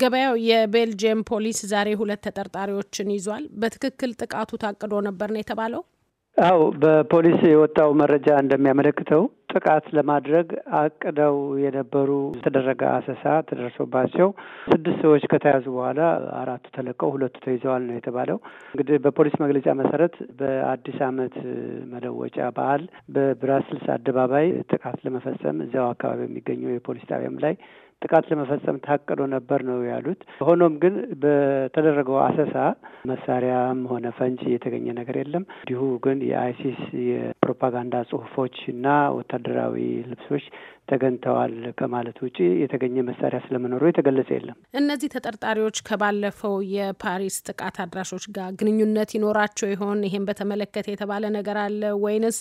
ገበያው የቤልጅየም ፖሊስ ዛሬ ሁለት ተጠርጣሪዎችን ይዟል። በትክክል ጥቃቱ ታቅዶ ነበር ነው የተባለው? አው በፖሊስ የወጣው መረጃ እንደሚያመለክተው ጥቃት ለማድረግ አቅደው የነበሩ የተደረገ አሰሳ ተደርሶባቸው ስድስት ሰዎች ከተያዙ በኋላ አራቱ ተለቀው ሁለቱ ተይዘዋል ነው የተባለው። እንግዲህ በፖሊስ መግለጫ መሰረት በአዲስ ዓመት መለወጫ በዓል በብራስልስ አደባባይ ጥቃት ለመፈጸም እዚያው አካባቢ የሚገኘው የፖሊስ ጣቢያም ላይ ጥቃት ለመፈጸም ታቅዶ ነበር ነው ያሉት። ሆኖም ግን በተደረገው አሰሳ መሳሪያም ሆነ ፈንጅ የተገኘ ነገር የለም። እንዲሁ ግን የአይሲስ የፕሮፓጋንዳ ጽሁፎች እና ወታደራዊ ልብሶች ተገኝተዋል ከማለት ውጭ የተገኘ መሳሪያ ስለመኖሩ የተገለጸ የለም። እነዚህ ተጠርጣሪዎች ከባለፈው የፓሪስ ጥቃት አድራሾች ጋር ግንኙነት ይኖራቸው ይሆን? ይሄን በተመለከተ የተባለ ነገር አለ ወይንስ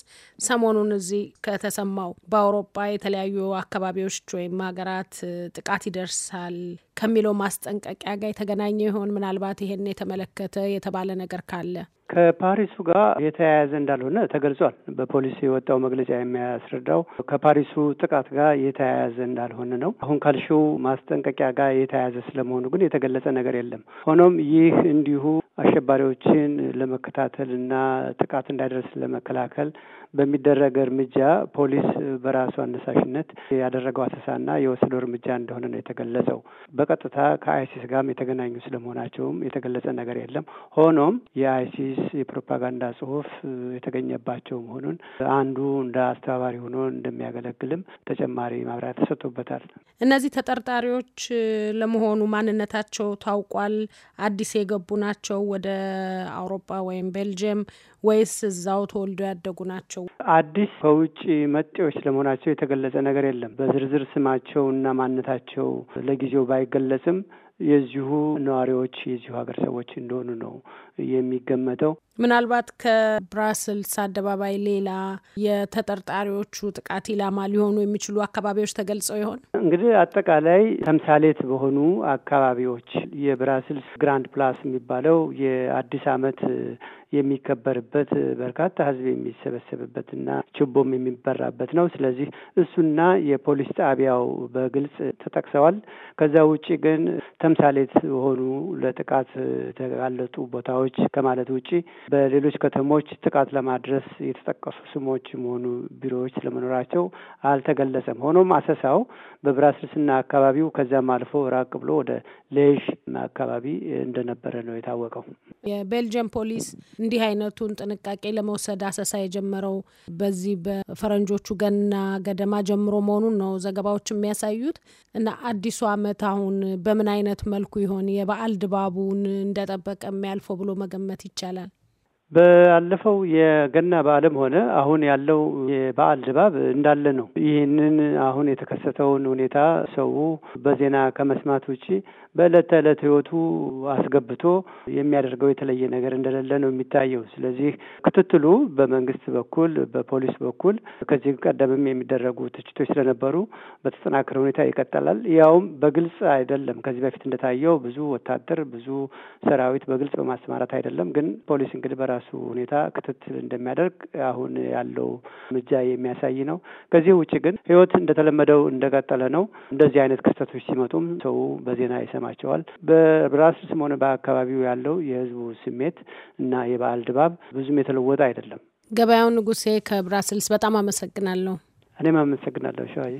ሰሞኑን እዚህ ከተሰማው በአውሮፓ የተለያዩ አካባቢዎች ወይም ሀገራት ጥቃት ይደርሳል ከሚለው ማስጠንቀቂያ ጋር የተገናኘ ይሆን? ምናልባት ይሄን የተመለከተ የተባለ ነገር ካለ ከፓሪሱ ጋር የተያያዘ እንዳልሆነ ተገልጿል። በፖሊስ የወጣው መግለጫ የሚያስረዳው ከፓሪሱ ጥቃት ጋር የተያያዘ እንዳልሆነ ነው። አሁን ካልሽው ማስጠንቀቂያ ጋር የተያያዘ ስለመሆኑ ግን የተገለጸ ነገር የለም። ሆኖም ይህ እንዲሁ አሸባሪዎችን ለመከታተል እና ጥቃት እንዳይደርስ ለመከላከል በሚደረግ እርምጃ ፖሊስ በራሱ አነሳሽነት ያደረገው አሰሳና የወሰደው እርምጃ እንደሆነ ነው የተገለጸው። በቀጥታ ከአይሲስ ጋርም የተገናኙ ስለመሆናቸውም የተገለጸ ነገር የለም። ሆኖም የአይሲስ አዲስ የፕሮፓጋንዳ ጽሁፍ የተገኘባቸው መሆኑን አንዱ እንደ አስተባባሪ ሆኖ እንደሚያገለግልም ተጨማሪ ማብራሪያ ተሰጥቶበታል። እነዚህ ተጠርጣሪዎች ለመሆኑ ማንነታቸው ታውቋል? አዲስ የገቡ ናቸው ወደ አውሮፓ ወይም ቤልጅየም ወይስ እዛው ተወልዶ ያደጉ ናቸው? አዲስ ከውጭ መጤዎች ለመሆናቸው የተገለጸ ነገር የለም። በዝርዝር ስማቸው እና ማንነታቸው ለጊዜው ባይገለጽም የዚሁ ነዋሪዎች የዚሁ ሀገር ሰዎች እንደሆኑ ነው የሚገመተው። ምናልባት ከብራስልስ አደባባይ ሌላ የተጠርጣሪዎቹ ጥቃት ኢላማ ሊሆኑ የሚችሉ አካባቢዎች ተገልጸው ይሆን? እንግዲህ አጠቃላይ ተምሳሌት በሆኑ አካባቢዎች የብራስልስ ግራንድ ፕላስ የሚባለው የአዲስ ዓመት የሚከበርበት በርካታ ሕዝብ የሚሰበሰብበትና ችቦም የሚበራበት ነው። ስለዚህ እሱና የፖሊስ ጣቢያው በግልጽ ተጠቅሰዋል። ከዛ ውጭ ግን ተምሳሌት የሆኑ ለጥቃት የተጋለጡ ቦታዎች ከማለት ውጭ በሌሎች ከተሞች ጥቃት ለማድረስ የተጠቀሱ ስሞች መሆኑ ቢሮዎች ስለመኖራቸው አልተገለጸም። ሆኖም አሰሳው በብራስልስና አካባቢው ከዚያም አልፎ ራቅ ብሎ ወደ ሌዥ አካባቢ እንደነበረ ነው የታወቀው። የቤልጅየም ፖሊስ እንዲህ አይነቱን ጥንቃቄ ለመውሰድ አሰሳ የጀመረው በዚህ በፈረንጆቹ ገና ገደማ ጀምሮ መሆኑን ነው ዘገባዎች የሚያሳዩት። እና አዲሱ ዓመት አሁን በምን አይነት መልኩ ይሆን የበዓል ድባቡን እንደጠበቀ የሚያልፈው ብሎ መገመት ይቻላል? ባለፈው የገና በዓልም ሆነ አሁን ያለው የበዓል ድባብ እንዳለ ነው። ይህንን አሁን የተከሰተውን ሁኔታ ሰው በዜና ከመስማት ውጪ በዕለት ተዕለት ሕይወቱ አስገብቶ የሚያደርገው የተለየ ነገር እንደሌለ ነው የሚታየው። ስለዚህ ክትትሉ በመንግስት በኩል በፖሊስ በኩል ከዚህ ቀደምም የሚደረጉ ትችቶች ስለነበሩ በተጠናከረ ሁኔታ ይቀጥላል። ያውም በግልጽ አይደለም። ከዚህ በፊት እንደታየው ብዙ ወታደር ብዙ ሰራዊት በግልጽ በማሰማራት አይደለም። ግን ፖሊስ እንግዲህ በራ በራሱ ሁኔታ ክትትል እንደሚያደርግ አሁን ያለው እርምጃ የሚያሳይ ነው። ከዚህ ውጭ ግን ህይወት እንደተለመደው እንደቀጠለ ነው። እንደዚህ አይነት ክስተቶች ሲመጡም ሰው በዜና ይሰማቸዋል። በብራስልስም ሆነ በአካባቢው ያለው የህዝቡ ስሜት እና የበዓል ድባብ ብዙም የተለወጠ አይደለም። ገበያው ንጉሴ ከብራስልስ በጣም አመሰግናለሁ። እኔም አመሰግናለሁ ሸዋዬ።